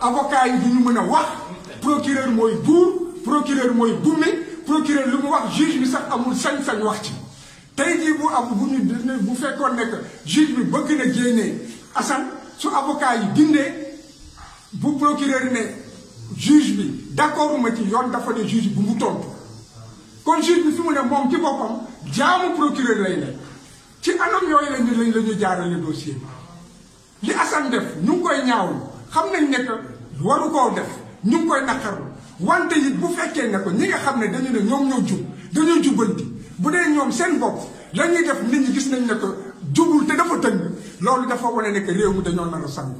avocat yi ñu mën a wax procureur mooy buur procureur mooy bumme procureur lu mu wax juge bi sax amul sañ-sañ wax ci tey jii bu am bu ñu bu fekkoon nekk juge bi bëgg na génnee Assane su avocat yi bindee bu procureur ne juge bi d'accord ci yoon dafa ne juge bu mu tontu kon juge bi fi mu ne moom ci boppam jaamu procureur lay nekk ci anam yooyu lañ lañ la ñu jaarale dossier bi li Assane def ñu ngi koy ñaawlu xam nañ ne que waru koo def ñu ngi koy naqarlu wante it bu fekkee ne ko ñi nga xam ne dañu ne ñoom ñoo jub dañoo jubanti bu dee ñoom seen bopp la def nit ñi gis nañ ne que jubul te dafa tëng loolu dafa wane ne que réew mi dañoo nar a sàng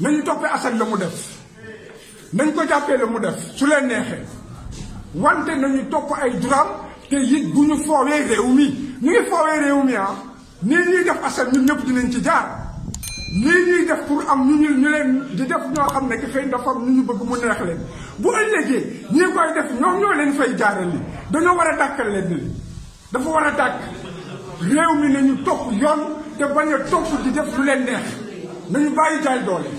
nañu toppee asal la mu def nañ ko jàppee la mu def su leen neexee wante nañu topp ay duraam te it bu ñu foowee réew mi ñu ngi foowee réew mi ah nii ñuy def asal ñu ñëpp dinañ ci jaar lii ñuy def pour am ñu ñu ñu leen di def ñoo xam ne ki xëy dafa ñu ñu bëgg mu neex leen bu ëllëgee ñii koy def ñoom ñoo leen fay jaaral li dañoo war a dàkkal leen li dafa war a dàkk réew mi nañu topp yoon te bañ a topp di def lu leen neex nañu bàyyi jaay doole